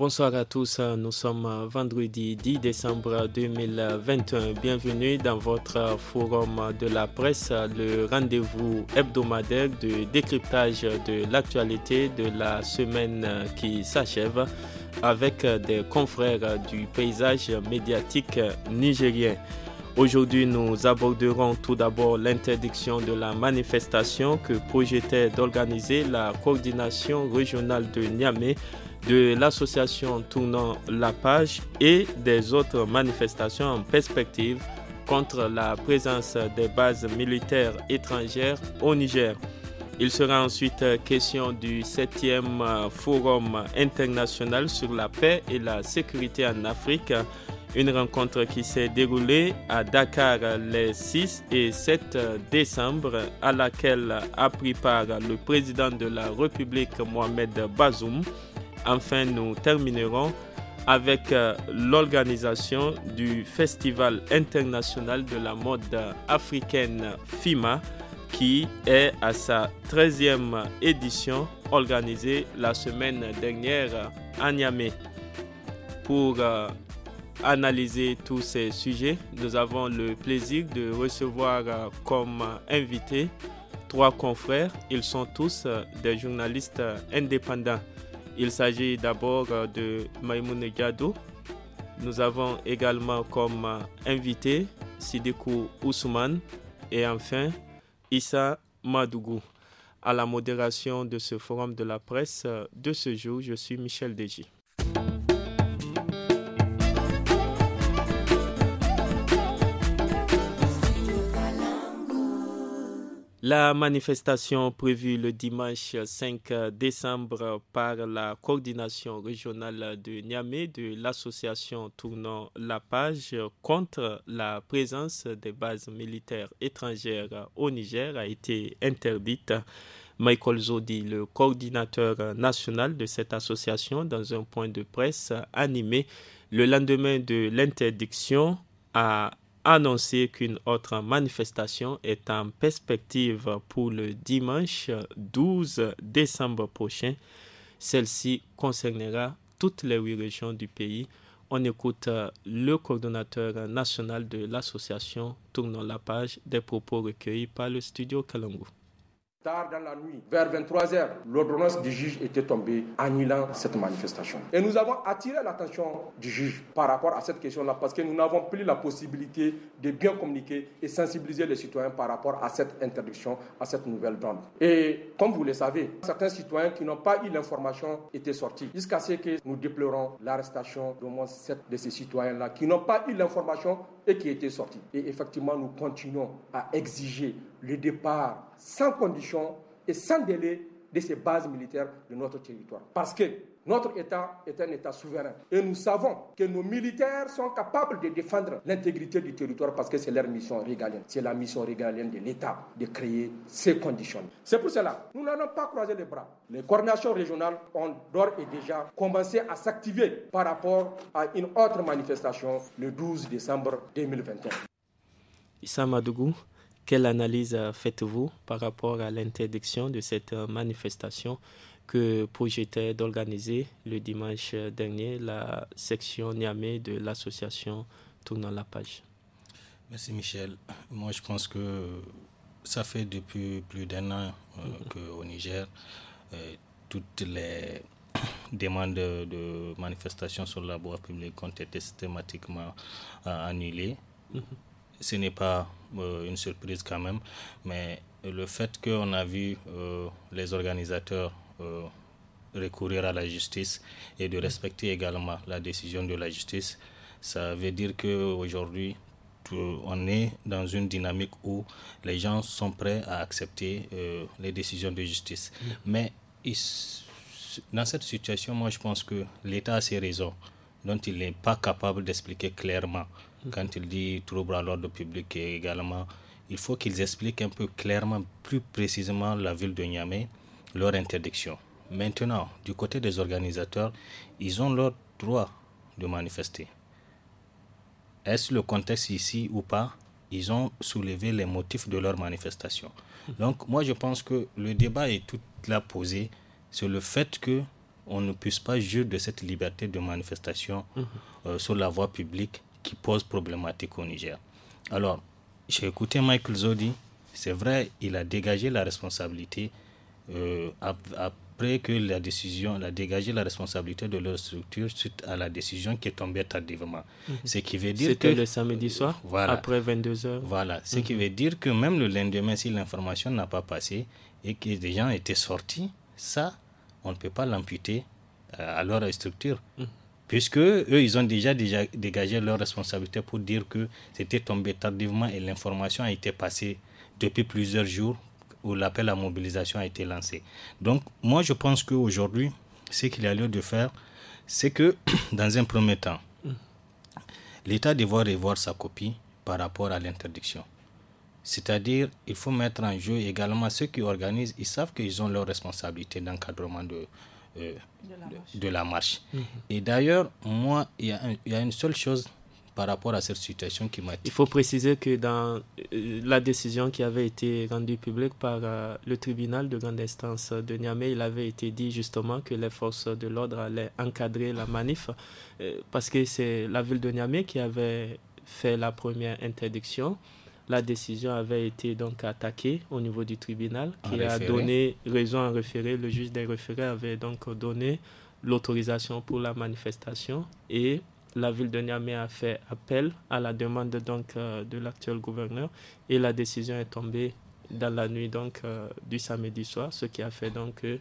Bonsoir à tous, nous sommes vendredi 10 décembre 2021. Bienvenue dans votre forum de la presse, le rendez-vous hebdomadaire de décryptage de l'actualité de la semaine qui s'achève avec des confrères du paysage médiatique nigérien. Aujourd'hui, nous aborderons tout d'abord l'interdiction de la manifestation que projetait d'organiser la coordination régionale de Niamey de l'association Tournant la page et des autres manifestations en perspective contre la présence des bases militaires étrangères au Niger. Il sera ensuite question du 7e euh, Forum international sur la paix et la sécurité en Afrique, une rencontre qui s'est déroulée à Dakar les 6 et 7 décembre, à laquelle a pris part le président de la République Mohamed Bazoum, Enfin, nous terminerons avec euh, l'organisation du Festival international de la mode africaine FIMA qui est à sa 13e édition organisée la semaine dernière à Niamey. Pour euh, analyser tous ces sujets, nous avons le plaisir de recevoir euh, comme invités trois confrères. Ils sont tous des journalistes indépendants. Il s'agit d'abord euh, de Maïmoune Gado, Nous avons également comme euh, invité Sidikou Ousmane et enfin Issa Madougou. À la modération de ce forum de la presse euh, de ce jour, je suis Michel Deji. La manifestation prévue le dimanche 5 décembre par la coordination régionale de Niamey de l'association Tournant la page contre la présence des bases militaires étrangères au Niger a été interdite. Michael Zodi, le coordinateur national de cette association, dans un point de presse animé le lendemain de l'interdiction, a annoncé qu'une autre manifestation est en perspective pour le dimanche 12 décembre prochain. Celle-ci concernera toutes les huit régions du pays. On écoute euh, le coordonnateur national de l'association Tournons la page des propos recueillis par le studio Kalangou. Tard dans la nuit, vers 23h, l'ordonnance du juge était tombée annulant cette manifestation. Et nous avons attiré l'attention du juge par rapport à cette question-là parce que nous n'avons plus la possibilité de bien communiquer et sensibiliser les citoyens par rapport à cette interdiction, à cette nouvelle bande. Et comme vous le savez, certains citoyens qui n'ont pas eu l'information étaient sortis jusqu'à ce que nous déplorons l'arrestation d'au moins sept de ces citoyens-là qui n'ont pas eu l'information et qui étaient sortis. Et effectivement, nous continuons à exiger le départ sans condition et sans délai de ces bases militaires de notre territoire. Parce que notre État est un État souverain. Et nous savons que nos militaires sont capables de défendre l'intégrité du territoire parce que c'est leur mission régalienne. C'est la mission régalienne de l'État de créer ces conditions. C'est pour cela, nous n'allons pas croiser les bras. Les coordinations régionales ont d'ores et déjà commencé à s'activer par rapport à une autre manifestation le 12 décembre 2021. Issa Madougou, quelle analyse faites-vous par rapport à l'interdiction de cette euh, manifestation que projetait d'organiser le dimanche dernier la section Niamey de l'association Tournant la page Merci Michel. Moi je pense que ça fait depuis plus d'un an euh, mm-hmm. qu'au Niger, euh, toutes les demandes de, manifestations sur la voie publique ont été systématiquement annulées. Mm-hmm ce n'est pas euh, une surprise quand même, mais le fait qu'on a vu euh, les organisateurs euh, recourir à la justice et de respecter également la décision de la justice, ça veut dire qu'aujourd'hui, on est dans une dynamique où les gens sont prêts à accepter les décisions de justice. Mais dans cette situation, moi, je pense que l'État a ses raisons dont il n'est pas capable d'expliquer clairement quand il dit trouble à l'ordre public également, il faut qu'ils expliquent un peu clairement, plus précisément, la ville de Niamey, leur interdiction. Maintenant, du côté des organisateurs, ils ont leur droit de manifester. Est-ce le contexte ici ou pas Ils ont soulevé les motifs de leur manifestation. Donc, moi, je pense que le débat est tout là posé sur le fait que on ne puisse pas juger de cette liberté de manifestation mhm. euh, sur la voie publique qui pose problématique au Niger. Alors, j'ai écouté Michael Zodi, c'est vrai, il a dégagé la responsabilité euh, après que la décision, il a dégagé la responsabilité de leur structure suite à la décision qui est tombée tardivement. cest mhm. Ce qui veut dire C'était le samedi soir, euh, après 22 heures. Voilà, ce mhm. qui veut dire que même le lendemain, si l'information n'a pas passé et que des gens étaient sortis, ça, on ne peut pas l'amputer euh, à leur structure. Mhm puisque eux, ils ont déjà, déjà dégagé leur responsabilité pour dire que c'était tombé tardivement et l'information a été passée depuis plusieurs jours où l'appel à mobilisation a été lancé. Donc, moi, je pense qu'aujourd'hui, ce qu'il y a lieu de faire, c'est que, dans un premier temps, l'État devrait revoir sa copie par rapport à l'interdiction. C'est-à-dire, il faut mettre en jeu également ceux qui organisent, ils savent qu'ils ont leur responsabilité d'encadrement de, euh, de, la marche. Mhm. Et d'ailleurs, moi, il y, a une seule chose par rapport à cette situation qui m'a... Il faut préciser que dans euh, la décision qui avait été rendue publique par euh, le tribunal de grande instance de Niamey, il avait été dit justement que les forces de l'ordre allaient encadrer la manif parce que c'est la ville de Niamey qui avait fait la première interdiction la décision avait été donc attaquée au niveau du tribunal qui a donné raison à référé. Le juge des référés avait donc donné l'autorisation pour la manifestation et la ville de Niamey a fait appel à la demande donc euh, de l'actuel gouverneur et la décision est tombée dans la nuit donc euh, du samedi soir, ce qui a fait donc que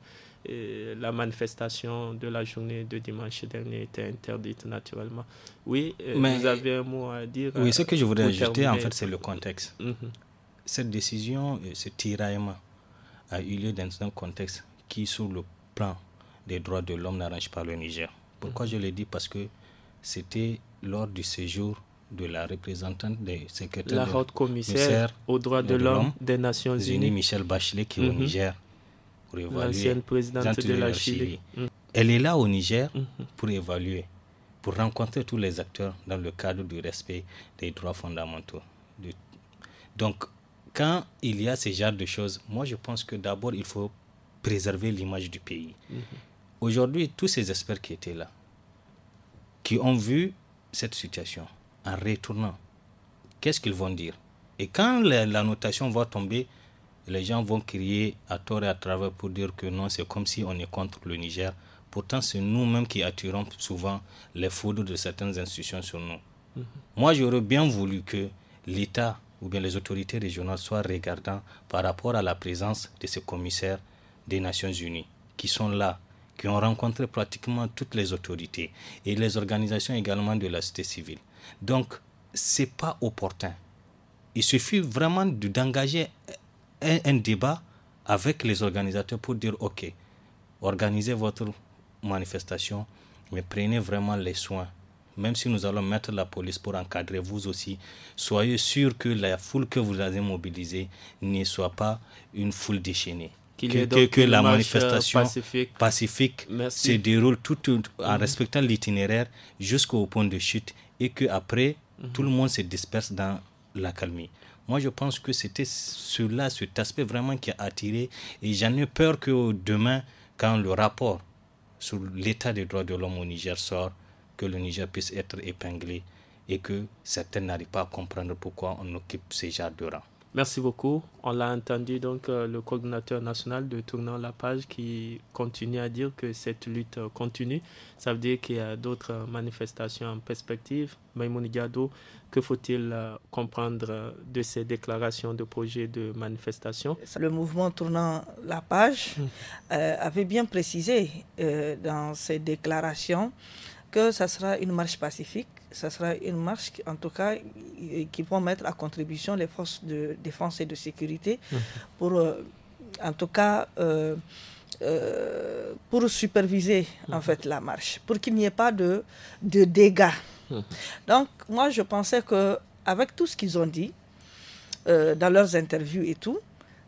la manifestation de la journée de dimanche dernier était interdite naturellement. Oui, euh, Mais vous avez un mot à dire. Oui, ce que je voudrais euh, ajouter, en fait, c'est le contexte. Mhm. Cette décision, ce tiraillement a eu lieu dans un contexte qui, sur le plan des droits de l'homme, n'arrange pas le Niger. Pourquoi mhm. je le dis Parce que c'était lors du séjour de la représentante des secrétaires la commissaire aux droits de, l'homme des Nations Unies, Michel Bachelet, qui est au mhm. Niger pour évaluer. L'ancienne présidente de la Chili. Mm. Elle est là au Niger mm-hmm. pour évaluer, pour rencontrer tous les acteurs dans le cadre du respect des droits fondamentaux. Donc, quand il y a ce genre de choses, moi je pense que d'abord il faut préserver l'image du pays. Mm-hmm. Aujourd'hui, tous ces experts qui étaient là, qui ont vu cette situation en retournant, qu'est-ce qu'ils vont dire Et quand la notation va tomber, les gens vont crier à tort et à travers pour dire que non, c'est comme si on est contre le Niger. Pourtant, c'est nous-mêmes qui attirons souvent les foudres de certaines institutions sur nous. Mhm. Moi, j'aurais bien voulu que l'État ou bien les autorités régionales soient regardants par rapport à la présence de ces commissaires des Nations Unies qui sont là, qui ont rencontré pratiquement toutes les autorités et les organisations également de la société civile. Donc, c'est pas opportun. Il suffit vraiment d'engager un, débat avec les organisateurs pour dire ok, organisez votre manifestation, mais prenez vraiment les soins. Même si nous allons mettre la police pour encadrer vous aussi, soyez sûr que la foule que vous avez mobilisée ne soit pas une foule déchaînée. que, la euh, manifestation pacifique, se déroule tout, en mhm. respectant l'itinéraire jusqu'au point de chute et que après mhm. tout le monde se disperse dans la calmie. Moi, je pense que c'était cela, cet aspect vraiment qui a attiré. Et j'en ai peur que demain, quand le rapport sur l'état des droits de l'homme au Niger sort, que le Niger puisse être épinglé et que certains n'arrivent pas à comprendre pourquoi on occupe ces jardins. de rang. Merci beaucoup. On l'a entendu donc euh, le coordinateur national de Tournant la page qui continue à dire que cette lutte euh, continue. Ça veut dire qu'il y a d'autres euh, manifestations en perspective. Maïmouni Gado, que faut-il comprendre de ces déclarations de projet de manifestation Le mouvement Tournant la page hmm. avait bien précisé dans ses déclarations que ça sera une marche pacifique ça sera une marche, en tout cas, euh, qui vont mettre à contribution les forces de défense et de sécurité mmh. pour, euh, en tout cas, euh, pour superviser mmh. en fait la marche, pour qu'il n'y ait pas de, de dégâts. Mmh. Donc, moi, je pensais que avec tout ce qu'ils ont dit dans leurs interviews et tout,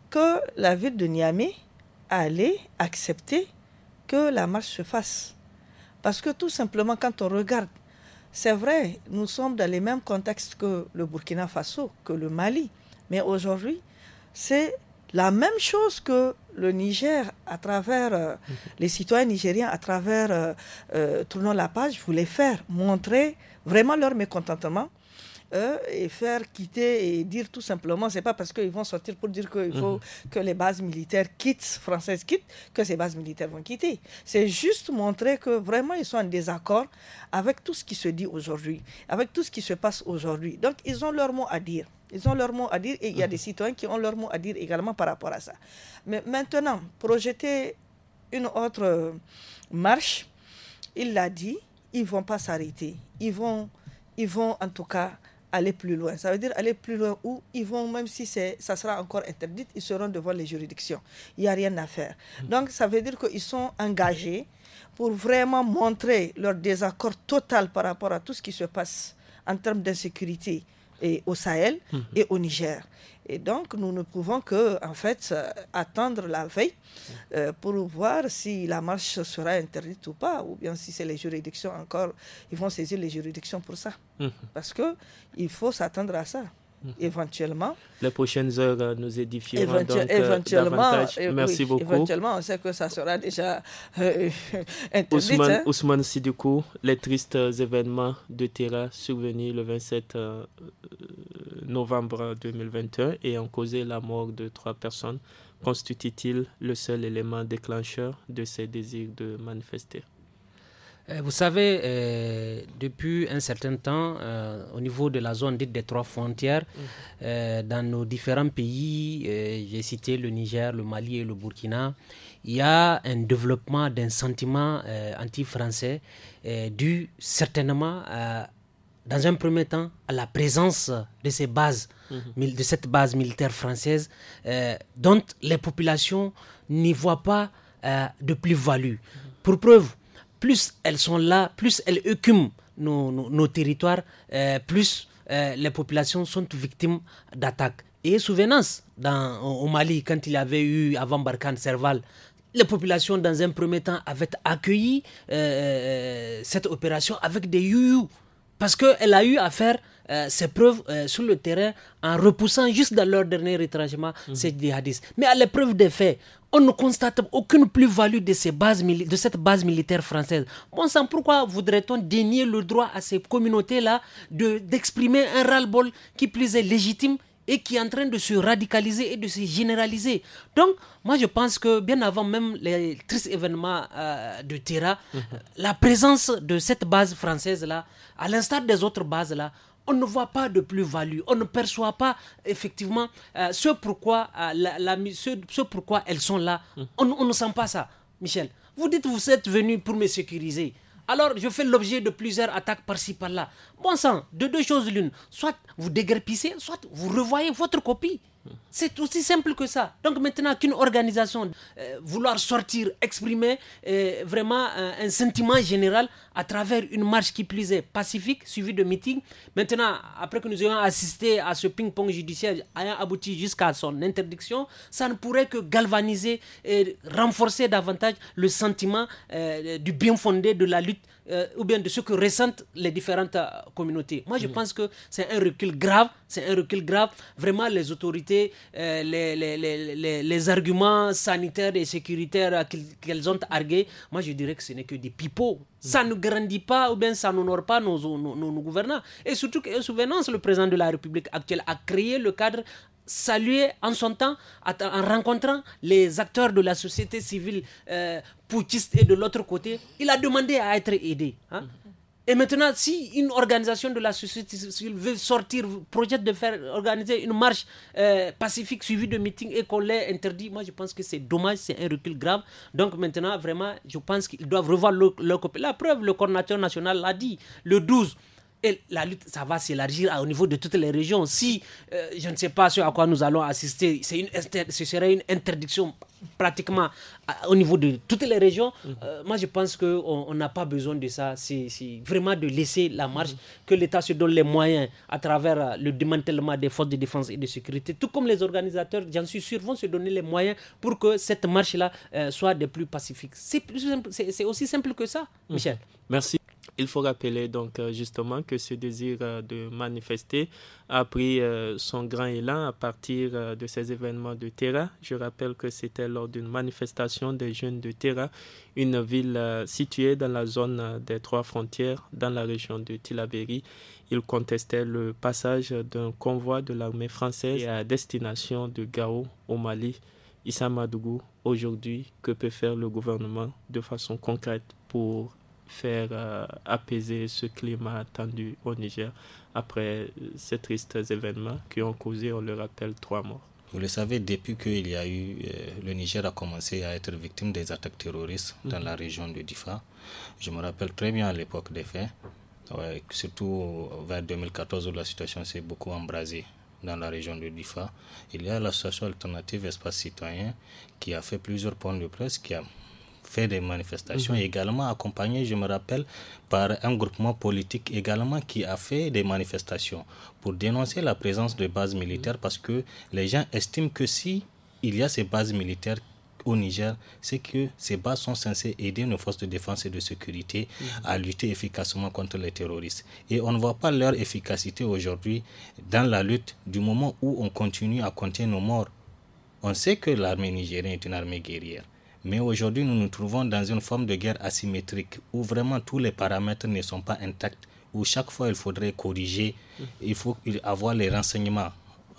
que la ville de Niamey allait accepter que la marche se fasse. Parce que tout simplement, quand on regarde c'est vrai, nous sommes dans les mêmes contextes que le Burkina Faso, que le Mali. Mais aujourd'hui, c'est la même chose que le Niger, à travers euh, mhm. les citoyens nigériens, à travers euh, euh, Tournant la page, voulaient faire, montrer vraiment leur mécontentement et faire quitter et dire tout simplement, c'est pas parce qu'ils vont sortir pour dire qu'il faut mhm. que les bases militaires quittent, françaises quittent, que ces bases militaires vont quitter. C'est juste montrer que vraiment ils sont en désaccord avec tout ce qui se dit aujourd'hui, avec tout ce qui se passe aujourd'hui. Donc ils ont leur mot à dire. Ils ont leur mot à dire et il y a mhm. des citoyens qui ont leur mot à dire également par rapport à ça. Mais maintenant, projeter une autre marche, il l'a dit, ils ne vont pas s'arrêter. Ils vont, ils vont en tout cas aller plus loin. Ça veut dire aller plus loin où ils vont, même si ça sera encore interdit, ils seront devant les juridictions. Il n'y a rien à faire. Hmm. Donc ça veut dire qu'ils sont engagés pour vraiment montrer leur désaccord total par rapport à tout ce qui se passe en termes d'insécurité et au Sahel mhm. et au Niger. Et donc, nous ne pouvons que, en fait, euh, attendre la veille euh, pour voir si la marche sera interdite ou pas, ou bien si c'est les juridictions encore, ils vont saisir les juridictions pour ça. Mhm. Parce que il faut s'attendre à ça. Mhm. éventuellement. Les prochaines heures euh, nous édifieront donc euh, davantage. Euh, Merci beaucoup. Éventuellement, on sait que ça sera déjà interdit. Ousmane, si du Sidikou, les tristes événements de Terra survenus le 27 novembre 2021 et ont causé la mort de trois personnes constitue-t-il le seul élément déclencheur de ces désirs de manifester euh, vous savez, euh, depuis un certain temps, euh, au niveau de la zone dite des trois frontières, mhm. dans nos différents pays, j'ai cité le Niger, le Mali et le Burkina, il y a un développement d'un sentiment anti-français dû certainement dans un premier temps à la présence de ces bases, mhm. de cette base militaire française, dont les populations n'y voient pas de plus-value. Mhm. Pour preuve, plus elles sont là, plus elles écument nos, territoires, euh, plus euh, les populations sont victimes d'attaques. Et souvenance, dans, au Mali, quand il y avait eu, avant Barkhane, Serval, les populations, dans un premier temps, avaient accueilli euh, cette opération avec des youyou, parce qu'elle a eu affaire euh, ces ses preuves euh, sur le terrain en repoussant juste dans leur dernier retranchement mhm. ces djihadistes. Mais à l'épreuve des faits, on ne constate aucune plus-value de, ces bases de cette base militaire française. Bon sang, pourquoi voudrait-on dénier le droit à ces communautés-là d'exprimer un ras-le-bol qui plus est légitime et qui est en train de se radicaliser et de se généraliser. Donc, moi, je pense que bien avant même les tristes événements euh, de Tira, mhm. la présence de cette base française-là, à l'instar des autres bases-là, on ne voit pas de plus-value, on ne perçoit pas effectivement euh, ce, pourquoi, euh, la, ce, pourquoi elles sont là. Hum. On, ne sent pas ça, Michel. Vous dites, vous êtes venu pour me sécuriser. Alors, je fais l'objet de plusieurs attaques par-ci, par-là. Bon sang, de deux choses l'une. Soit vous déguerpissez, soit vous revoyez votre copie. C'est aussi simple que ça. Donc maintenant qu'une organisation euh, vouloir sortir, exprimer euh, vraiment euh, un, sentiment général à travers une marche qui plaisait pacifique, suivie de meetings. Maintenant, après que nous ayons assisté à ce ping-pong judiciaire ayant abouti jusqu'à son interdiction, ça ne pourrait que galvaniser et renforcer davantage le sentiment du bien fondé de la lutte euh, ou bien de ce que ressentent les différentes euh, communautés. Moi, je mm. pense que c'est un recul grave, c'est un recul grave. Vraiment, les autorités, euh, les, arguments sanitaires et sécuritaires qu'elles ont argués, moi, je dirais que ce n'est que des pipeaux. Ça mm. ne grandit pas ou bien ça n'honore pas nos, nos, gouvernants. Et surtout que, souvenance, le président de la République actuelle a créé le cadre salué en son temps en rencontrant les acteurs de la société civile euh, poutiste et de l'autre côté. Il a demandé à être aidé. Hein. Mm-hmm. Et maintenant, si une organisation de la société civile veut sortir, projette de faire organiser une marche euh, pacifique suivie de meetings et qu'on l'ait interdit, moi je pense que c'est dommage, c'est un recul grave. Donc maintenant, vraiment, je pense qu'ils doivent revoir leur, copie. La preuve, le coordinateur national l'a dit, le 12, et la lutte, ça va s'élargir au niveau de toutes les régions. Si, euh, je ne sais pas ce à quoi nous allons assister, c'est une ce serait une interdiction pratiquement au niveau de toutes les régions, mhm. euh, moi je pense qu'on n'a pas besoin de ça. C'est vraiment de laisser la marche, mhm. que l'État se donne les moyens à travers euh, le démantèlement des forces de défense et de sécurité. Tout comme les organisateurs, j'en suis sûr, vont se donner les moyens pour que cette marche-là soit des plus pacifiques. C'est aussi simple que ça, mhm. Michel. Merci. Il faut rappeler donc euh, justement que ce désir euh, de manifester a pris euh, son grand élan à partir de ces événements de Terra. Je rappelle que c'était lors d'une manifestation des jeunes de Terra, une ville située dans la zone des trois frontières dans la région de Tilaberi. Ils contestaient le passage d'un convoi de l'armée française à destination de Gao au Mali. Issa Madougou, aujourd'hui, que peut faire le gouvernement de façon concrète pour faire euh, apaiser ce climat tendu au Niger après ces tristes événements qui ont causé, on le rappelle, trois morts. Vous le savez, depuis qu'il y a eu, euh, le Niger a commencé à être victime des attaques terroristes dans mhm. la région de Difa. Je me rappelle très bien à l'époque des faits, surtout vers 2014 où la situation s'est beaucoup embrasée dans la région de Difa. Il y a l'association alternative Espace Citoyen qui a fait plusieurs points de presse, qui a fait des manifestations mhm. également accompagné, je me rappelle, par un groupement politique également qui a fait des manifestations pour dénoncer la présence de bases militaires parce que les gens estiment que si il y a ces bases militaires au Niger, c'est que ces bases sont censées aider nos forces de défense et de sécurité mhm. à lutter efficacement contre les terroristes. Et on ne voit pas leur efficacité aujourd'hui dans la lutte du moment où on continue à compter nos morts. On sait que l'armée nigérienne est une armée guerrière. Mais aujourd'hui, nous nous trouvons dans une forme de guerre asymétrique où vraiment tous les paramètres ne sont pas intacts, où chaque fois il faudrait corriger, il faut avoir les renseignements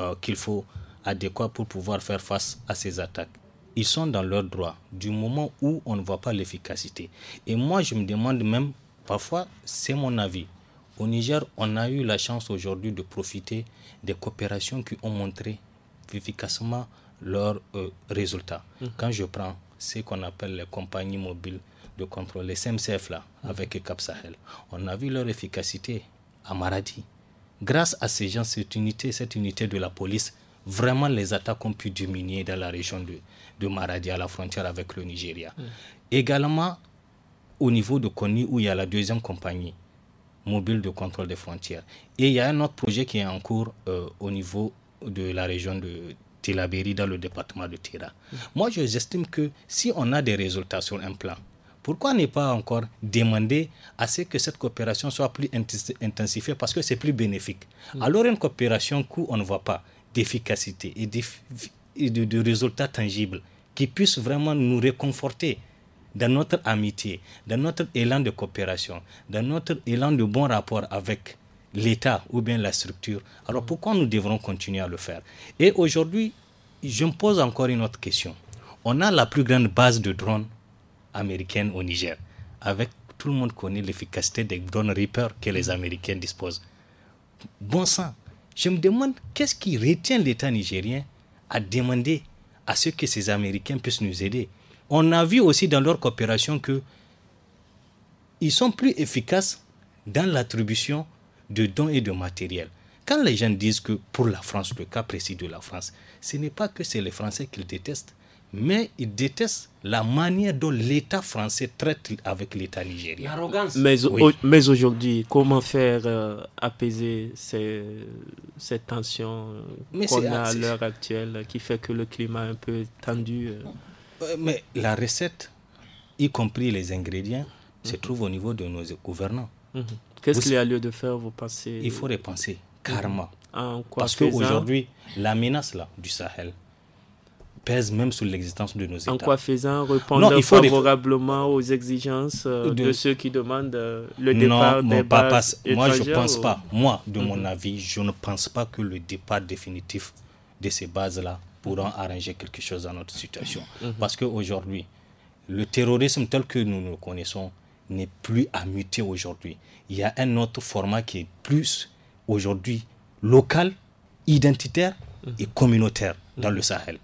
euh, qu'il faut adéquats pour pouvoir faire face à ces attaques. Ils sont dans leur droit du moment où on ne voit pas l'efficacité. Et moi, je me demande même, parfois, c'est mon avis. Au Niger, on a eu la chance aujourd'hui de profiter des coopérations qui ont montré efficacement leurs euh, résultats. Mmh. Quand je prends ce qu'on appelle les compagnies mobiles de contrôle, les SMCF là, mm. avec Cap Sahel. On a vu leur efficacité à Maradi. Grâce à ces gens, cette unité, cette unité de la police, vraiment les attaques ont pu diminuer dans la région de, de Maradi à la frontière avec le Nigeria. Mm. Également, au niveau de Koni, où il y a la deuxième compagnie mobile de contrôle des frontières. Et il y a un autre projet qui est en cours euh, au niveau de la région de Tilaberi dans le département de Tira. Moi, j'estime que si on a des résultats sur un plan, pourquoi ne pas encore demander à ce que cette coopération soit plus intensifiée parce que c'est plus bénéfique mm. Alors, une coopération où on ne voit pas d'efficacité et, de, de résultats tangibles qui puissent vraiment nous réconforter dans notre amitié, dans notre élan de coopération, dans notre élan de bon rapport avec l'État ou bien la structure. Alors pourquoi nous devrons continuer à le faire Et aujourd'hui, je me pose encore une autre question. On a la plus grande base de drones américaines au Niger, avec tout le monde connaît l'efficacité des drones Reaper que les Américains disposent. Bon sang, je me demande qu'est-ce qui retient l'État nigérien à demander à ce que ces Américains puissent nous aider. On a vu aussi dans leur coopération que ils sont plus efficaces dans l'attribution de dons et de matériel. Quand les gens disent que pour la France, le cas précis de la France, ce n'est pas que c'est les Français qu'ils détestent, mais ils détestent la manière dont l'État français traite avec l'État nigérien. L'arrogance. Mais, mais aujourd'hui, comment faire euh, apaiser ces, tension tensions euh, qu'on a à l'heure actuelle qui fait que le climat est un peu tendu euh? Mais la recette, y compris les ingrédients, se mhm. trouve au niveau de nos gouvernants. Mhm. Qu'est-ce qu'il y a lieu de faire, vous pensez Il faut repenser, karma. Ah, en quoi Parce qu'aujourd'hui, la menace là, du Sahel pèse même sur l'existence de nos États. En quoi faisant répondre non, il faut favorablement aux exigences euh, de... ceux qui demandent euh, le départ non, des bases Moi, je ne pense pas. Moi, de mon mm-hmm. avis, je ne pense pas que le départ définitif de ces bases-là pourra mm-hmm. arranger quelque chose dans notre situation. Mm-hmm. Parce que Parce qu'aujourd'hui, le terrorisme tel que nous le connaissons n'est plus à muter aujourd'hui il y a un autre format qui est plus aujourd'hui local, identitaire et communautaire dans le Sahel.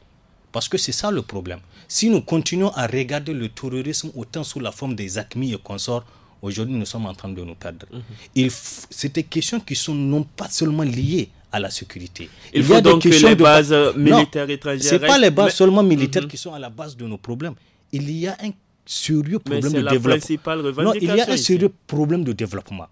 Parce que c'est ça le problème. Si nous continuons à regarder le terrorisme autant sous la forme des ACMI et consorts, aujourd'hui nous sommes en train de nous perdre. Mhm. C'est des questions qui sont non pas seulement liées à la sécurité. Il, faut y a donc euh, les bases militaires étrangères. Ce pas les bases seulement militaires mhm. qui sont à la base de nos problèmes. Il y a un sérieux problème de développement. Non, il y a un sérieux problème de développement.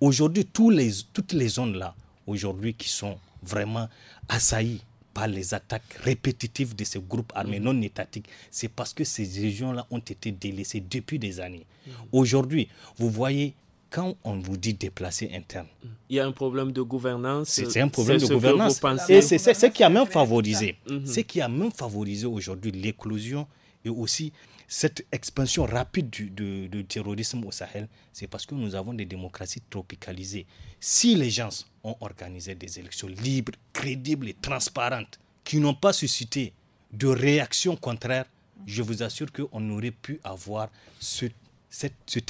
Aujourd'hui, les, toutes les zones là, aujourd'hui, qui sont vraiment assaillies par les attaques répétitives de ces groupes armés mhm. non étatiques, c'est parce que ces régions-là ont été délaissées depuis des années. Mhm. Aujourd'hui, vous voyez quand on vous dit déplacer interne. Mhm. Il y a un problème de gouvernance. C'est un problème de gouvernance. Et c'est ce qui a même favorisé. c'est Ce qui a même favorisé aujourd'hui l'éclosion et aussi cette expansion rapide du, terrorisme au Sahel, c'est parce que nous avons des démocraties tropicalisées. Si les gens ont organisé des élections libres, crédibles et transparentes, qui n'ont pas suscité de réaction contraire, je vous assure qu'on aurait pu avoir cet,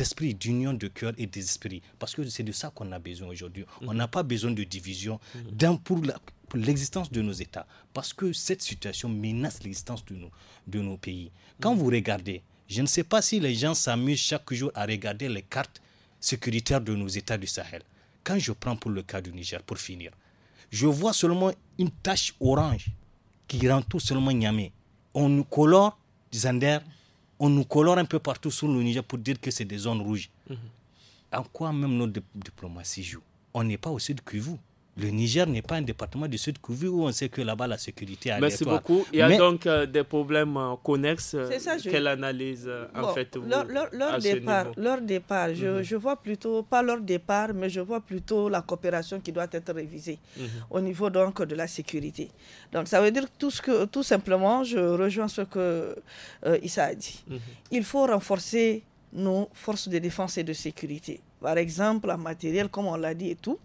esprit d'union de cœur et d'esprit. Parce que c'est de ça qu'on a besoin aujourd'hui. On n'a pas besoin de division. Mmh. d'un pour la, l'existence de nos États, parce que cette situation menace l'existence de nos, de nos pays. Quand vous regardez, je ne sais pas si les gens s'amusent chaque jour à regarder les cartes sécuritaires de nos États du Sahel. Quand je prends pour le cas du Niger, pour finir, je vois seulement une tache orange qui rend tout seulement Niamey. On nous colore Zander, on nous colore un peu partout sur le Niger pour dire que c'est des zones rouges. Mhm. En quoi même notre diplomatie joue On n'est pas aussi de que vous. Le Niger n'est pas un département du sud Kivu où on sait que là-bas la sécurité est Merci beaucoup. Il y a donc euh, des problèmes euh, connexes. Euh, quelle analyse en fait vous, leur, leur, départ, mhm. je, vois plutôt, pas leur départ, mais je vois plutôt la coopération qui doit être révisée mhm. au niveau donc de la sécurité. Donc ça veut dire tout, ce que, tout simplement, je rejoins ce que Issa a dit. Mhm. Il faut renforcer nos forces de défense et de sécurité par exemple, en matériel, comme on l'a dit et tout.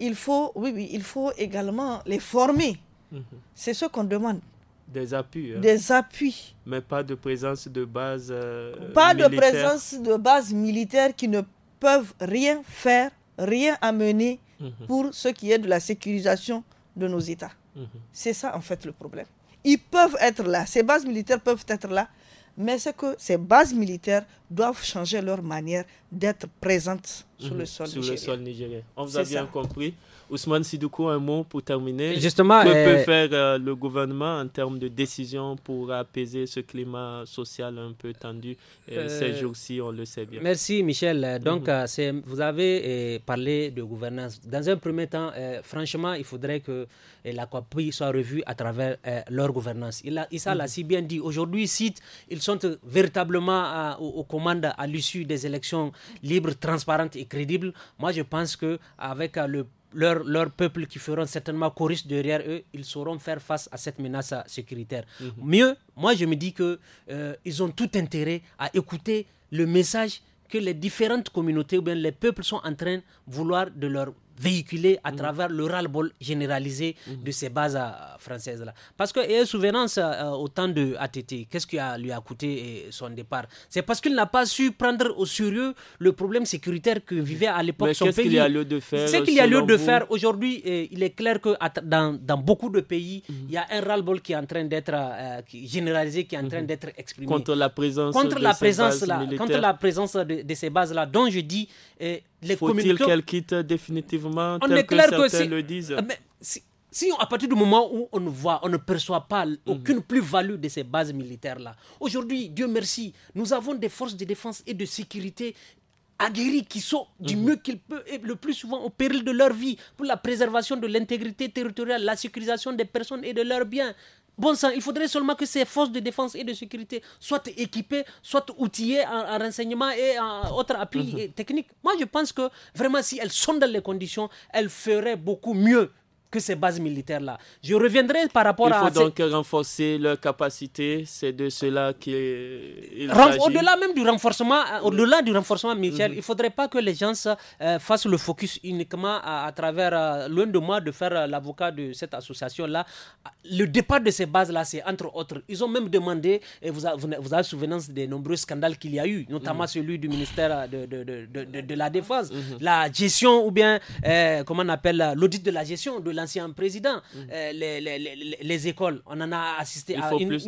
Il faut, oui, oui, il faut également les former. Mhm. C'est ce qu'on demande. Des appuis. Hein. Des appuis. Mais pas de présence de base. Euh, pas de présence de base militaire qui ne peuvent rien faire, rien amener mhm. pour ce qui est de la sécurisation de nos États. Mhm. C'est ça en fait le problème. Ils peuvent être là, ces bases militaires peuvent être là, mais c'est que ces bases militaires doivent changer leur manière d'être présentes sur le mhm. sol nigérien. On vous a bien compris. Ousmane Sidoukou, un mot pour terminer. Justement, que peut euh, faire euh, le gouvernement en termes de décision pour apaiser ce climat social un peu tendu euh, ces jours-ci, on le sait bien. Merci Michel. Donc, mhm. vous avez parlé de gouvernance. Dans un premier temps, franchement, il faudrait que la copie soit revue à travers leur gouvernance. Il a, Issa l'a mhm. si bien dit. Aujourd'hui, s'ils ils sont véritablement aux, aux, commandes à l'issue des élections libres, transparentes et crédibles. Moi, je pense que avec le leur, leur peuple qui feront certainement chorus derrière eux, ils sauront faire face à cette menace sécuritaire. Mhm. Mieux, moi je me dis que euh, ils ont tout intérêt à écouter le message que les différentes communautés ou bien les peuples sont en train de vouloir de leur véhiculé à mhm. travers le ras-le-bol généralisé mhm. de ces bases euh, françaises-là. Parce que, et souvenance euh, au temps de ATT, qu'est-ce qui lui a coûté euh, son départ C'est parce qu'il n'a pas su prendre au sérieux le problème sécuritaire que mhm. vivait à l'époque son pays. ce qu'il y a lieu de faire Ce qu'il y a lieu de faire aujourd'hui, euh, il est clair que dans, dans, beaucoup de pays, il y a un ras-le-bol qui est en train d'être généralisé, qui est en train d'être exprimé. Contre la présence contre de la ces présence bases là, Contre la présence de, de ces bases-là, dont je dis faut-il qu'elle quitte définitivement On tel que, si, le disent. Ah, mais si, à partir du moment où on ne voit, on ne perçoit pas mhm. aucune plus-value de ces bases militaires-là, aujourd'hui, Dieu merci, nous avons des forces de défense et de sécurité aguerries qui sont du mhm. mieux qu'ils peuvent et le plus souvent au péril de leur vie pour la préservation de l'intégrité territoriale, la sécurisation des personnes et de leurs biens. Bon sang, il faudrait seulement que ces forces de défense et de sécurité soient équipées, soient outillées en, renseignement et en autres appuis mhm. techniques. Moi, je pense que vraiment, si elles sont dans les conditions, elles feraient beaucoup mieux que ces bases militaires-là. Je reviendrai par rapport à... Il faut donc renforcer leurs capacités, c'est de cela qu'il faut. Au-delà même du renforcement, euh, au-delà du renforcement militaire, mhm. il ne faudrait pas que les gens euh, fassent le focus uniquement à, travers, euh, loin de moi, de faire l'avocat de cette association-là. Le départ de ces bases-là, c'est entre autres. Ils ont même demandé, et vous, vous avez souvenance des nombreux scandales qu'il y a eu, notamment mhm. celui du ministère de, de, de, de la Défense, mhm. la gestion ou bien, comment on appelle, l'audit de la gestion de l'ancien président, mm. euh, les, les, les, les, écoles. On en a assisté à une, plus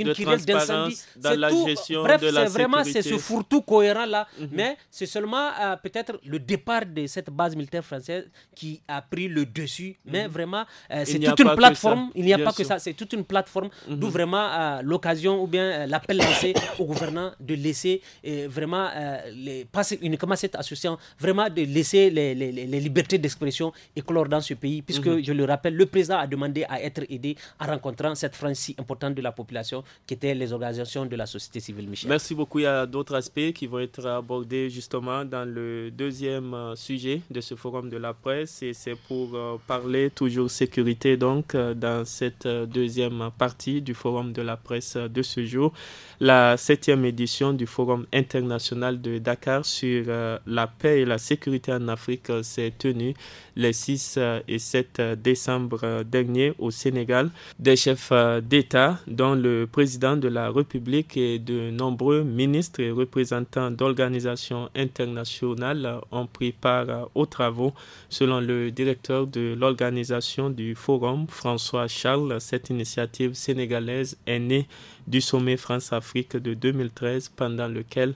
d'incendie. Dans la gestion bref, c'est vraiment c'est ce fourre-tout cohérent là. Mm-hmm. Mais c'est seulement euh, peut-être le départ de cette base militaire française qui a pris le dessus. Mais mm-hmm. vraiment, euh, c'est toute une plateforme. Il n'y a pas que ça. C'est toute une plateforme d'où mm-hmm. vraiment l'occasion ou bien l'appel lancé au gouvernement de laisser vraiment les, passer uniquement cette association, vraiment de laisser les, les libertés d'expression éclore dans ce pays, puisque je le rappelle le président a demandé à être aidé en rencontrant cette frange si importante de la population qui étaient les organisations de la société civile. Michel. Merci beaucoup. Il y a d'autres aspects qui vont être abordés justement dans le deuxième euh, sujet de ce forum de la presse et c'est pour euh, parler toujours sécurité donc euh, dans cette deuxième partie du forum de la presse de ce jour, la septième édition du forum international de Dakar sur la paix et la sécurité en Afrique s'est tenue les 6 et 7 décembre euh, dernier au Sénégal des chefs euh, d'État, dont le président de la République et de nombreux ministres et représentants d'organisations internationales ont pris part euh, aux travaux, selon le directeur de l'organisation du Forum, François Charles. Cette initiative sénégalaise est née du sommet France-Afrique de 2013 pendant lequel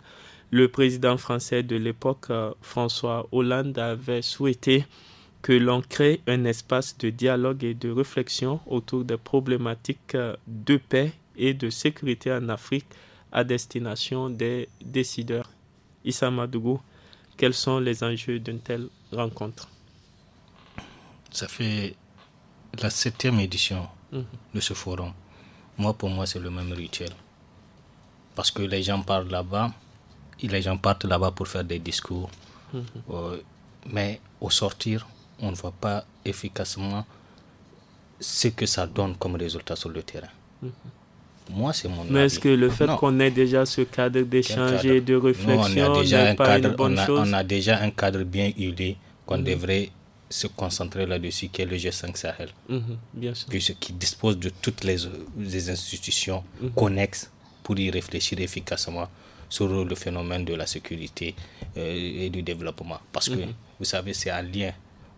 le président français de l'époque, François Hollande, avait souhaité que l'on crée un espace de dialogue et de réflexion autour des problématiques euh, de paix et de sécurité en Afrique à destination des décideurs. Issa Madougou, quels sont les enjeux d'une telle rencontre Ça fait la septième édition mmh. de ce forum. Moi, pour moi, c'est le même rituel. Parce que les gens parlent là-bas, les gens partent là-bas pour faire des discours. Mmh. Euh, mais au sortir, on ne voit pas efficacement ce que ça donne comme résultat sur le terrain. Mhm. Moi, c'est mon. Mais est-ce que le fait qu'on ait déjà ce cadre d'échange et de réflexion a déjà un pas cadre, une bonne on a, chose On a déjà un cadre bien huilé qu'on mhm. devrait se concentrer là-dessus, qui est le G5 Sahel. Mhm, bien sûr. qui dispose de toutes les, institutions connexes pour y réfléchir efficacement sur le phénomène de la sécurité euh, et du développement. Parce que, vous savez, c'est un lien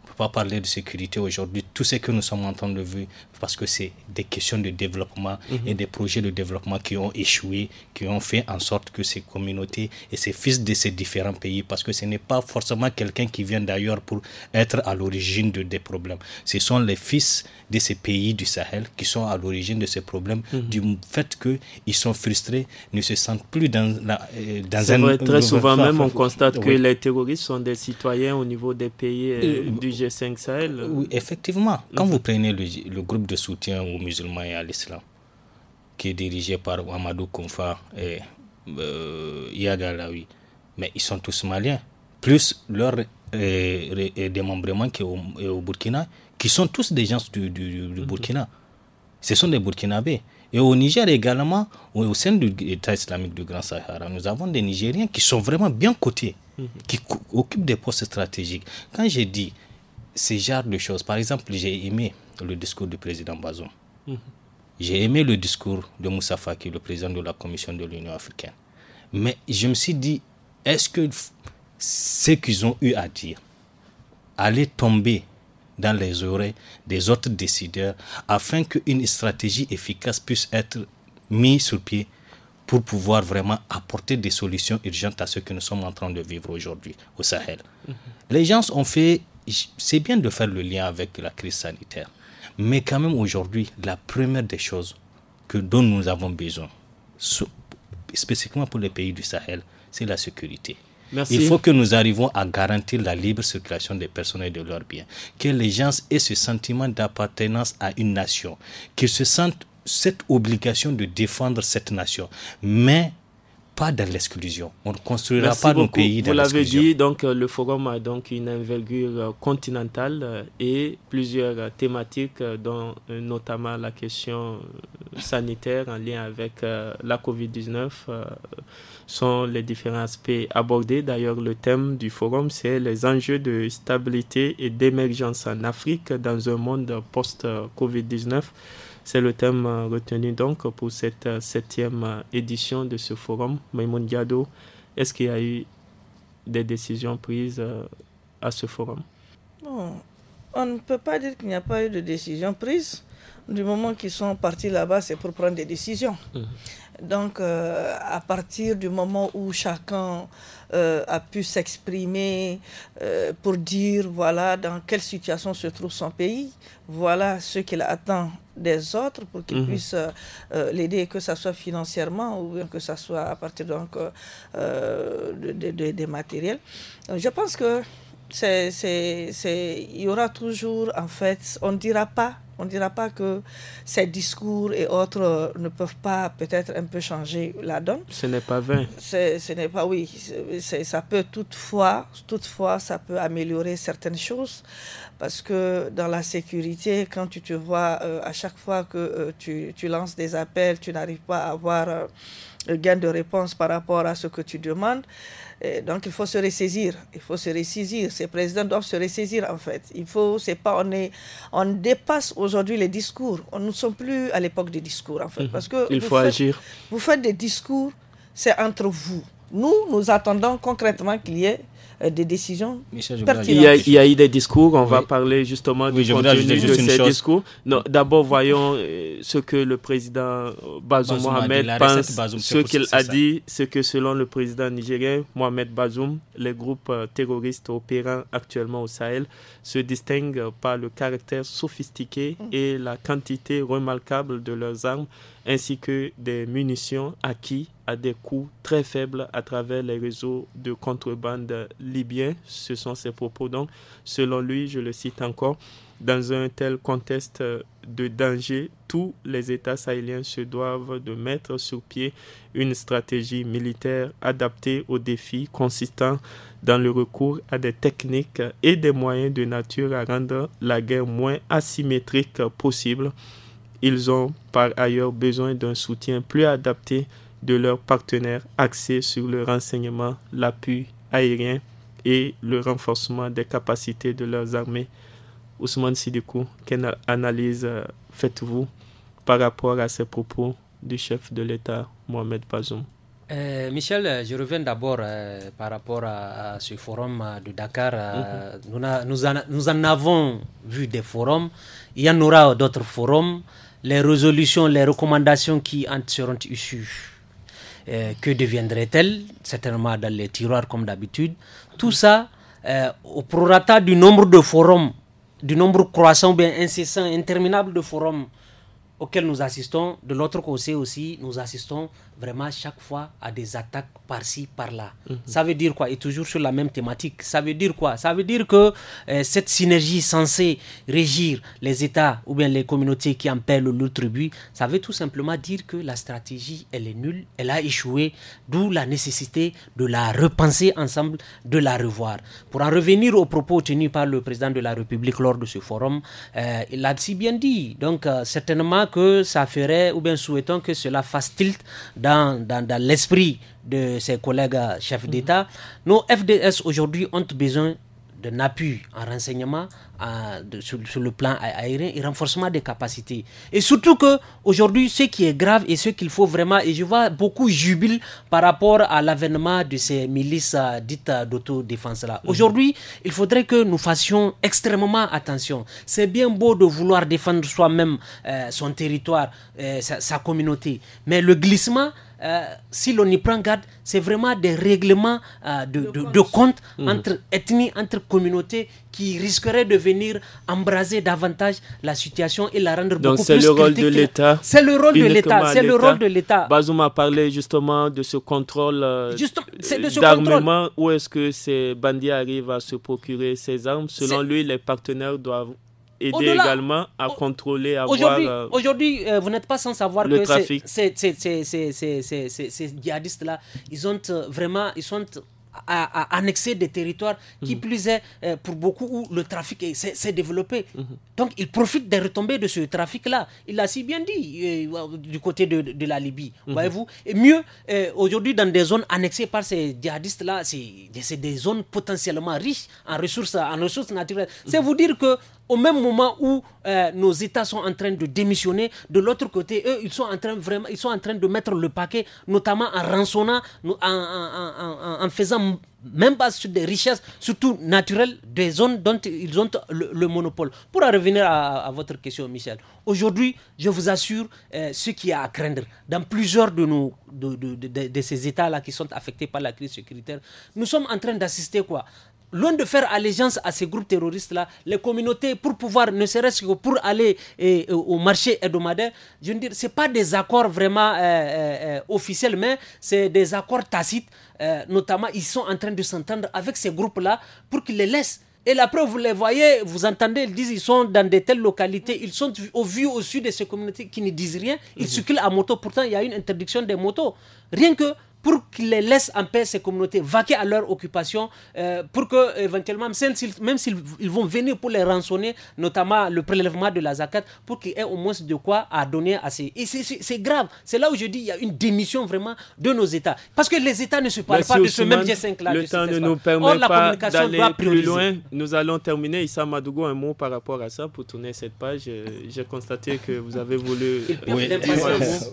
ne peut pas parler de sécurité aujourd'hui. Tout ce que nous sommes en train de voir, parce que c'est des questions de développement et mhm. des projets de développement qui ont échoué, qui ont fait en sorte que ces communautés et ces fils de ces différents pays, parce que ce n'est pas forcément quelqu'un qui vient d'ailleurs pour être à l'origine de, des problèmes. Ce sont les fils de ces pays du Sahel qui sont à l'origine de ces problèmes, mhm. du fait qu'ils sont frustrés, ne se sentent plus dans, la, euh, dans un... Vrai, très souvent même, on constate que les terroristes sont des citoyens au niveau des pays euh, du G5 Sahel. Oui, effectivement. Quand mhm. vous prenez le, groupe de soutien aux musulmans et à l'islam, qui est dirigé par Amadou Koumfa et euh, oui, mais ils sont tous maliens, plus leur euh, euh, démembrement qui est au, Burkina, qui sont tous des gens du, du mhm. Burkina. Ce sont des Burkinabés. Et au Niger également, au sein de l'État islamique du Grand Sahara, nous avons des Nigériens qui sont vraiment bien cotés, mhm. qui occupent des postes stratégiques. Quand j'ai dit ces genres de choses. Par exemple, j'ai aimé le discours du président Bazoum. Mhm. J'ai aimé le discours de Moussa Faki, le président de la Commission de l'Union africaine. Mais je me suis dit, est-ce que ce qu'ils ont eu à dire allait tomber dans les oreilles des autres décideurs afin qu'une stratégie efficace puisse être mise sur pied pour pouvoir vraiment apporter des solutions urgentes à ce que nous sommes en train de vivre aujourd'hui au Sahel. Mhm. Les gens ont fait c'est bien de faire le lien avec la crise sanitaire, mais quand même aujourd'hui, la première des choses que, dont nous avons besoin, spécifiquement pour les pays du Sahel, c'est la sécurité. Il faut que nous arrivions à garantir la libre circulation des personnes et de leurs biens. Que les gens aient ce sentiment d'appartenance à une nation. Qu'ils se sentent cette obligation de défendre cette nation. Mais pas dans l'exclusion. On ne construira pas nos pays dans Vous l'avez dit, donc euh, le forum a donc une envergure euh, continentale euh, et plusieurs thématiques, dont notamment la question sanitaire en lien avec la COVID-19, sont les différents aspects abordés. D'ailleurs, le thème du forum, c'est les enjeux de stabilité et d'émergence en Afrique dans un monde post-COVID-19. C'est le thème euh, retenu donc pour cette euh, septième euh, édition de ce forum. Maïmoun Diado, est-ce qu'il y a eu des décisions prises à ce forum On ne peut pas dire qu'il n'y a pas eu de décision prises du moment qu'ils sont partis là-bas, c'est pour prendre des décisions. Mhm. Donc, euh, à partir du moment où chacun euh, a pu s'exprimer euh, pour dire, voilà, dans quelle situation se trouve son pays, voilà ce qu'il attend des autres pour qu'ils mhm. puissent l'aider, que ce soit financièrement ou que ce soit à partir donc des de, matériels. Je pense que c'est, il y aura toujours, en fait, on ne dira pas on ne dira pas que ces discours et autres euh, ne peuvent pas peut-être un peu changer la donne. Ce n'est pas vain. Ce n'est pas, oui. Ça peut toutefois, toutefois, ça peut améliorer certaines choses. Parce que dans la sécurité, quand tu te vois euh, à chaque fois que euh, tu, lances des appels, tu n'arrives pas à avoir... Euh, gain de réponse par rapport à ce que tu demandes. donc il faut se ressaisir, il faut se ressaisir. Ces présidents doivent se ressaisir en fait. Il faut, c'est pas, on est, on dépasse aujourd'hui les discours. On ne sommes plus à l'époque des discours en fait, mhm. parce que il faut agir. Vous faites des discours, c'est entre vous. Nous, nous attendons concrètement qu'il y ait euh, des décisions Il y, a, eu des discours, on va parler justement du de ces discours. D'abord, voyons euh, ce que le président Bazoum, Mohamed pense, ce qu'il a dit, ce que selon le président nigérien Mohamed Bazoum, les groupes euh, terroristes opérant actuellement au Sahel se distinguent par le caractère sophistiqué mm. et la quantité remarquable de leurs armes ainsi que des munitions acquis à des coûts très faibles à travers les réseaux de contrebande libyens. Ce sont ses propos. Donc, selon lui, je le cite encore, dans un tel contexte de danger, tous les États sahéliens se doivent de mettre sur pied une stratégie militaire adaptée aux défis consistant dans le recours à des techniques et des moyens de nature à rendre la guerre moins asymétrique possible ils ont par ailleurs besoin d'un soutien plus adapté de leurs partenaires axés sur le renseignement, l'appui aérien et le renforcement des capacités de leurs armées. Ousmane Sidikou, quelle analyse euh, faites-vous par rapport à ces propos du chef de l'État, Mohamed Bazoum euh, Michel, euh, je reviens d'abord par rapport à, ce forum de Dakar. Mhm. nous, en, avons vu des forums. Il y en aura d'autres forums les résolutions, les recommandations qui en seront issues, euh, que deviendraient-elles Certainement dans les tiroirs comme d'habitude. Tout ça, euh, au prorata du nombre de forums, du nombre croissant, bien incessant, interminable de forums auquel nous assistons. De l'autre côté aussi, nous assistons vraiment chaque fois à des attaques par-ci, par-là. Mhm. Ça veut dire quoi Et toujours sur la même thématique. Ça veut dire quoi Ça veut dire que euh, cette synergie censée régir les États ou bien les communautés qui en paient le tribut, ça veut tout simplement dire que la stratégie, elle est nulle, elle a échoué, d'où la nécessité de la repenser ensemble, de la revoir. Pour en revenir aux propos tenus par le président de la République lors de ce forum, euh, il l'a si bien dit. Donc, euh, certainement, que ça ferait, ou bien souhaitons que cela fasse tilt dans, dans, dans l'esprit de ses collègues chefs d'État. Mhm. Nos FDS aujourd'hui ont besoin d'un appui en renseignement sur, le plan aérien et renforcement des capacités. Et surtout que aujourd'hui, ce qui est grave et ce qu'il faut vraiment, et je vois beaucoup jubile par rapport à l'avènement de ces milices euh, dites euh, d'autodéfense-là. Mhm. Aujourd'hui, il faudrait que nous fassions extrêmement attention. C'est bien beau de vouloir défendre soi-même euh, son territoire, sa communauté, mais le glissement euh, si l'on y prend garde, c'est vraiment des règlements euh, de, compte mhm. entre ethnies, entre communautés qui risqueraient de venir embraser davantage la situation et la rendre beaucoup plus Donc c'est le rôle de l'État. C'est le rôle de l'État. C'est le rôle de l'État. a parlé justement de ce euh, contrôle d'armement. Où est-ce que ces bandits arrivent à se procurer ces armes Selon lui, les partenaires doivent aider également à contrôler, à aujourd'hui, voir. Euh, aujourd'hui, euh, vous n'êtes pas sans savoir que Ces, djihadistes-là, ils ont euh, vraiment, ils sont à, annexer des territoires qui mhm. plus est pour beaucoup où le trafic s'est développé. Mhm. Donc ils profitent des retombées de ce trafic-là. Il l'a si bien dit du côté de, la Libye, mhm. voyez-vous. Et mieux, aujourd'hui dans des zones annexées par ces djihadistes-là, c'est des zones potentiellement riches en ressources, en ressources naturelles. C'est vous dire que au même moment où euh, nos États sont en train de démissionner, de l'autre côté, eux, ils sont en train vraiment, ils sont en train de mettre le paquet, notamment en rançonnant, en, faisant même base sur des richesses, surtout naturelles, des zones dont ils ont le, monopole. Pour en revenir à, votre question, Michel, aujourd'hui, je vous assure euh, ce qu'il y a à craindre. Dans plusieurs de, nos, de ces États-là qui sont affectés par la crise sécuritaire, nous sommes en train d'assister quoi loin de faire allégeance à ces groupes terroristes-là, les communautés, pour pouvoir, ne serait-ce que pour aller eh, eh, au marché hebdomadaire, je veux dire, ce pas des accords vraiment euh, euh, euh, officiels, mais c'est des accords tacites. notamment, ils sont en train de s'entendre avec ces groupes-là pour qu'ils les laissent. Et après, vous les voyez, vous entendez, ils disent ils sont dans de telles localités, ils sont au vu au sud de ces communautés qui ne disent rien, ils mhm. circulent à moto, pourtant il y a une interdiction des motos. Rien que pour qu'ils les laissent en paix, ces communautés, vaquer à leur occupation, euh, pour que éventuellement, même s'ils vont venir pour les rançonner, notamment le prélèvement de la zakat, pour qu'ils aient au moins de quoi à donner à ces... Et c'est grave. C'est là où je dis il y a une démission vraiment de nos États. Parce que les États ne se parlent pas de ce même G5-là. Le temps ne nous permet Or, pas d'aller plus loin. Nous allons terminer. Issa Madougou, un mot par rapport à ça pour tourner cette page. Euh, j'ai constaté que vous avez voulu...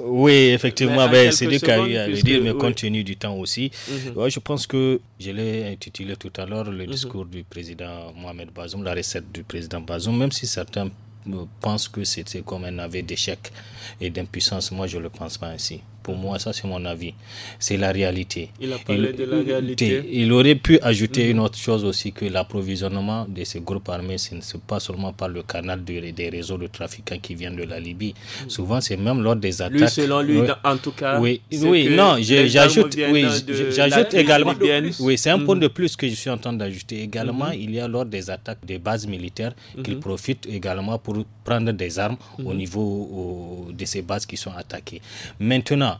Oui, effectivement. c'est lui qui a eu à dire, mais continue tenu du temps aussi. Mhm. je pense que je l'ai intitulé tout à l'heure le mhm. discours du président Mohamed Bazoum, la recette du président Bazoum, même si certains euh, pensent que c'était comme un aveu d'échec et d'impuissance, moi je ne le pense pas ainsi. Pour moi, ça, c'est mon avis. C'est la réalité. Il a parlé de la réalité. Il aurait pu ajouter mhm. une autre chose aussi que l'approvisionnement de ces groupes armés, ce n'est pas seulement par le canal des réseaux de trafiquants qui viennent de la Libye. Mhm. Souvent, c'est même lors des attaques. Lui, selon lui, en tout cas. Oui, oui non, j'ajoute oui, également. Oui, c'est un mhm. point de plus que je suis en train d'ajouter. Également, il y a lors des attaques des bases militaires qu'ils profitent également pour prendre des armes au niveau de ces bases qui sont attaquées. Maintenant, ah,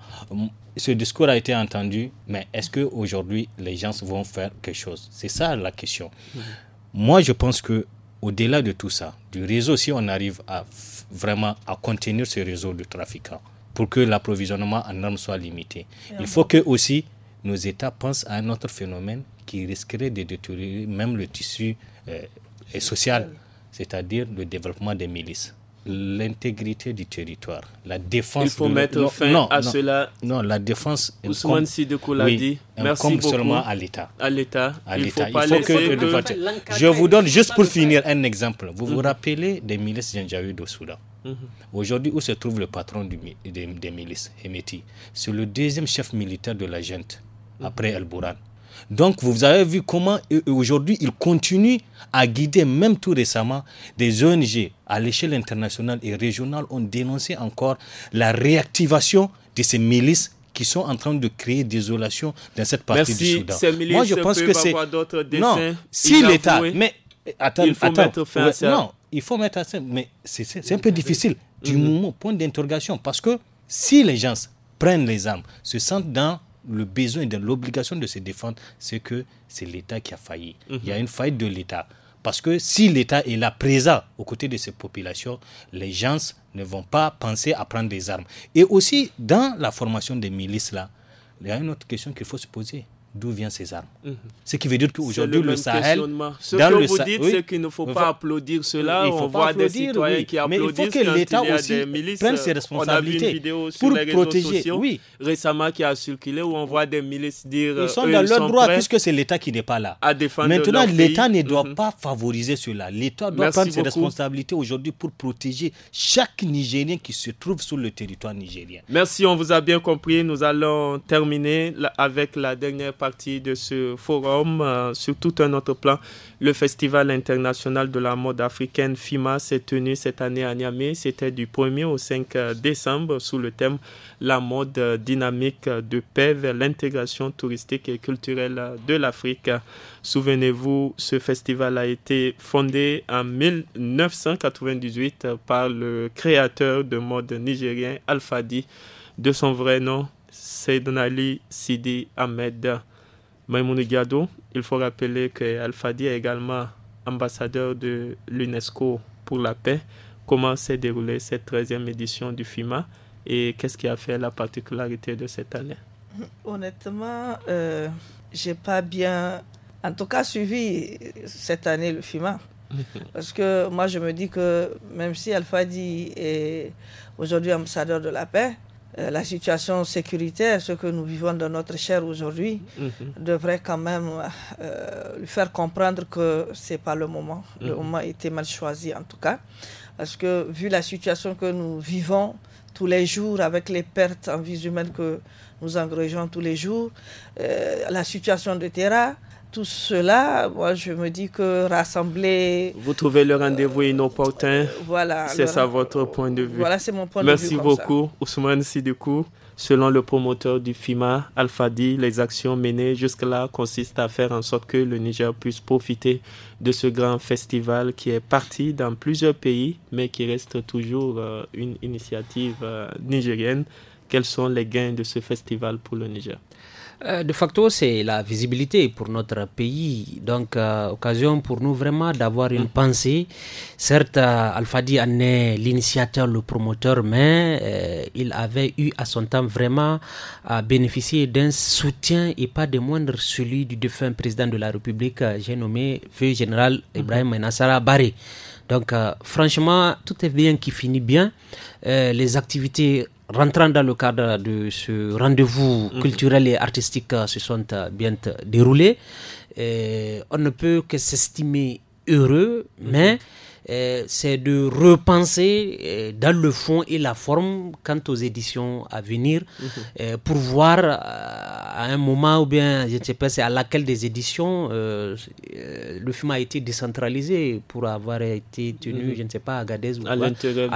ce discours a été entendu, mais est-ce qu'aujourd'hui, les gens vont faire quelque chose C'est ça la question. Mm-hmm. Moi, je pense que au-delà de tout ça, du réseau, si on arrive à vraiment à contenir ce réseau de trafiquants pour que l'approvisionnement en armes soit limité, il faut que aussi nos États pensent à un autre phénomène qui risquerait de détruire même le tissu euh, social, c'est-à-dire le développement des milices l'intégrité du territoire, la défense. Il faut mettre fin non, à cela. Non, la défense. Ousmane Sidoukou l'a Merci seulement à l'État. À l'État. Il, faut, pas Je vous donne juste pour finir un exemple. Vous vous mhm. rappelez des milices Janjaoui au Soudan. Mhm. Aujourd'hui, où se trouve le patron des, milices, Hemeti C'est le deuxième chef militaire de la gente, mhm. après El Bouran. Donc, vous avez vu comment aujourd'hui il continue à guider, même tout récemment, des ONG à l'échelle internationale et régionale ont dénoncé encore la réactivation de ces milices qui sont en train de créer désolation dans cette partie du Soudan. Ces milices Moi, je pense que c'est non, si l'État, eh, il faut mettre fin à non, il faut mettre à ça, mais c'est un peu mm-hmm. difficile du mm-hmm. moment point d'interrogation parce que si les gens prennent les armes, se sentent dans le besoin et l'obligation de se défendre, c'est que c'est l'État qui a failli. Mhm. Il y a une faillite de l'État. Parce que si l'État est là présent aux côtés de ces populations, les gens ne vont pas penser à prendre des armes. Et aussi, dans la formation des milices, là, il y a une autre question qu'il faut se poser d'où viennent ces armes. Mhm. Ce qui veut dire qu'aujourd'hui, le, le, Sahel. dans le vous c'est qu'il ne faut pas applaudir cela. Il faut on applaudir, des citoyens qui applaudissent. Mais il faut que l'État aussi prenne ses responsabilités pour protéger. Récemment, qui a circulé, où on voit des milices dire. Ils sont euh, dans leur droit, puisque c'est l'État qui n'est pas là. Maintenant, l'État ne doit mhm. pas favoriser cela. L'État doit prendre ses responsabilités aujourd'hui pour protéger chaque Nigérien qui se trouve sur le territoire nigérien. Merci, on vous a bien compris. Nous allons terminer avec la dernière partie de ce forum. Euh, sur tout un autre plan, le Festival international de la mode africaine FIMA s'est tenu cette année à Niamey. C'était du 1er au 5 euh, décembre sous le thème La mode dynamique de paix vers l'intégration touristique et culturelle de l'Afrique. Souvenez-vous, ce festival a été fondé en 1998 par le créateur de mode nigérien Al-Fadi, de son vrai nom, ali Sidi Ahmed. Maïmouni Gado. Il faut rappeler que Al-Fadi est également ambassadeur de l'UNESCO pour la paix. Comment s'est déroulée cette 13e édition du FIMA et qu'est-ce qui a fait la particularité de cette année Honnêtement, je euh, j'ai pas bien, en tout cas, suivi cette année le FIMA. Parce que moi, je me dis que même si Al-Fadi est aujourd'hui ambassadeur de la paix, euh, la situation sécuritaire, ce que nous vivons dans notre chair aujourd'hui, mhm. devrait quand même euh, lui faire comprendre que ce n'est pas le moment. Le mhm. moment était mal choisi en tout cas. Parce que vu la situation que nous vivons tous les jours, avec les pertes en vies humaines que nous enregistrons tous les jours, euh, la situation de Terra, tout cela, moi je me dis que rassembler. Vous trouvez le rendez-vous inopportun. Voilà. C'est ça votre point de vue. Voilà, c'est mon point de vue. Merci beaucoup, Ousmane Sidikou. Selon le promoteur du FIMA, Alfadi, les actions menées jusque-là consistent à faire en sorte que le Niger puisse profiter de ce grand festival qui est parti dans plusieurs pays, mais qui reste toujours euh, une initiative euh, nigérienne. Quels sont les gains de ce festival pour le Niger euh, de facto, c'est la visibilité pour notre pays. Donc, euh, occasion pour nous vraiment d'avoir une mm. pensée. Certes, euh, Al-Fadi en est l'initiateur, le promoteur, mais il avait eu à son temps vraiment à bénéficier d'un soutien et pas de moindre celui du défunt président de la République, j'ai nommé feu général mm-hmm. Ibrahim Nassara Baré. Donc, franchement, tout est bien qui finit bien. les activités rentrant dans le cadre de ce rendez-vous mhm. culturel et artistique euh, se sont euh, bien déroulés. Et on ne peut que s'estimer heureux, mhm. mais euh, c'est de repenser euh, dans le fond et la forme quant aux éditions à venir mhm. euh, pour voir à un moment ou bien, je ne sais pas, c'est à laquelle des éditions le film a été décentralisé pour avoir été tenu, mhm. je ne sais pas, à Gadez ou à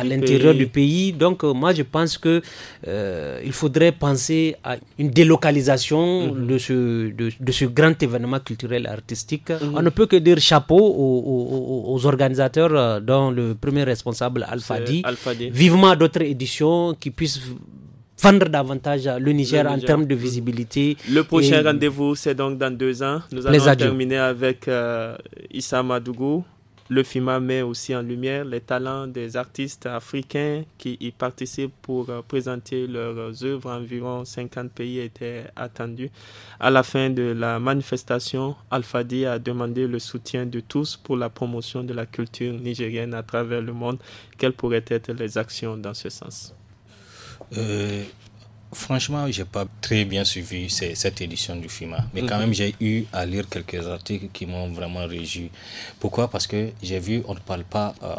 l'intérieur du, pays. Donc moi je pense que il faudrait penser à une délocalisation mhm. de, ce, de, ce grand événement culturel artistique. On ne peut que dire chapeau aux organisateurs euh, dans dont le premier responsable Alpha dit, vivement d'autres éditions qui puissent vendre davantage le Niger, en termes de visibilité. Le prochain rendez-vous, c'est donc dans deux ans. Nous allons terminer avec euh, Issa Madougou, le FIMA met aussi en lumière les talents des artistes africains qui y participent pour euh, présenter leurs euh, œuvres. Environ 50 pays étaient attendus. À la fin de la manifestation, Al-Fadi a demandé le soutien de tous pour la promotion de la culture nigérienne à travers le monde. Quelles pourraient être les actions dans ce sens euh, Franchement, j'ai pas très bien suivi cette édition du FIMA, mais quand mhm. même j'ai eu à lire quelques articles qui m'ont vraiment réjoui. Pourquoi Parce que j'ai vu on ne parle pas euh,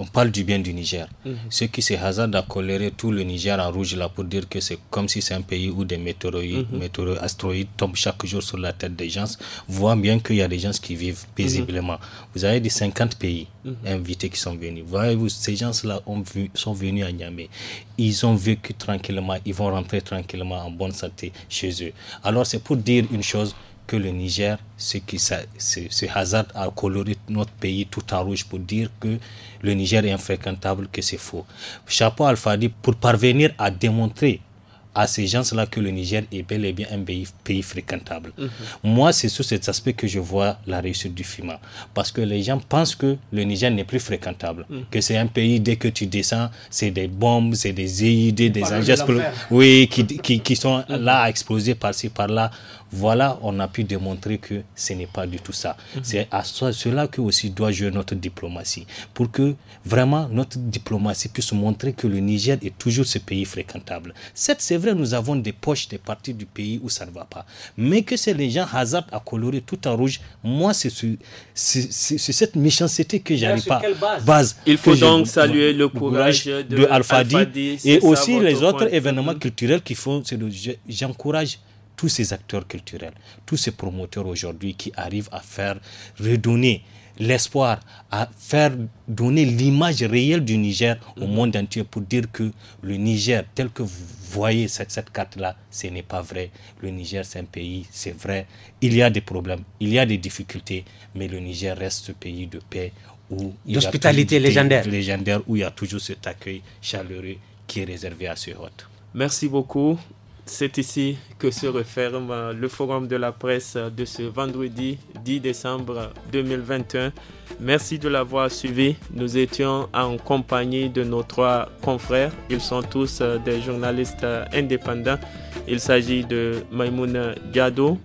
on parle du bien du Niger. Ceux mhm. Ce qui se hasardent à colérer tout le Niger en rouge là pour dire que c'est comme si c'est un pays où des météorites, mhm. astéroïdes tombent chaque jour sur la tête des gens, voient bien qu'il y a des gens qui vivent mhm. paisiblement. Vous avez des 50 pays invités qui sont venus. Voyez-vous, ces gens-là sont venus à Niamey. Ils ont vécu tranquillement, ils vont rentrer tranquillement en bonne santé chez eux. Alors c'est pour dire une chose, que le Niger, ce qui se hasard à colorer notre pays tout en rouge pour dire que le Niger est infréquentable, que c'est faux. Chapeau Al-Fadi, pour parvenir à démontrer à ces gens cela que le Niger est bel et bien un pays, pays fréquentable. Mhm. Moi, c'est sur cet aspect que je vois la réussite du FIMA. Parce que les gens pensent que le Niger n'est plus fréquentable. Mhm. Que c'est un pays, dès que tu descends, c'est des bombes, c'est des EID, des engins oui, qui, qui, sont là à exploser par-ci, par-là. Voilà, on a pu démontrer que ce n'est pas du tout ça. Mhm. C'est à cela que aussi doit jouer notre diplomatie, pour que vraiment notre diplomatie puisse montrer que le Niger est toujours ce pays fréquentable. c'est vrai, nous avons des poches, des parties du pays où ça ne va pas, mais que c'est les gens hasardent à colorer tout en rouge. Moi, c'est cette méchanceté que j'arrive pas. Base, Il faut donc saluer le courage, de, de et aussi les autres événements culturels qui font. C'est j'encourage tous ces acteurs culturels, tous ces promoteurs aujourd'hui qui arrivent à faire redonner l'espoir, à faire donner l'image réelle du Niger au mm-hmm. monde entier pour dire que le Niger, tel que vous voyez cette, carte-là, ce n'est pas vrai. Le Niger, c'est un pays, c'est vrai. Il y a des problèmes, il y a des difficultés, mais le Niger reste ce pays de paix. où D'hospitalité légendaire. Légendaire, où il y a toujours cet accueil chaleureux qui est réservé à ce hôte. Merci beaucoup. C'est ici que se referme euh, le forum de la presse de ce vendredi 10 décembre 2021. Merci de l'avoir suivi. Nous étions en compagnie de nos trois confrères. Ils sont tous euh, des journalistes euh, indépendants. Il s'agit de Maimoun Diado,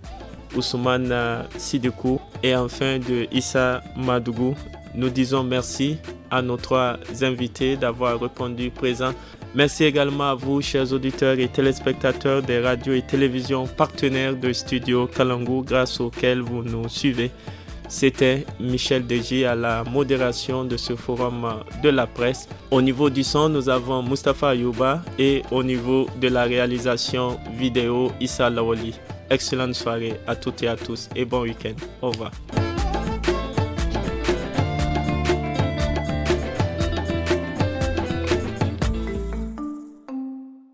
Ousmane Sidikou et enfin de Issa Madougou. Nous disons merci à nos trois invités d'avoir répondu présent Merci également à vous, chers auditeurs et téléspectateurs des radios et télévisions partenaires de Studio Kalangu grâce auxquels vous nous suivez. C'était Michel Deji à la modération de ce forum de la presse. Au niveau du son, nous avons Mustapha Ayouba et au niveau de la réalisation vidéo, Issa Lawali. Excellente soirée à toutes et à tous et bon week-end. Au revoir.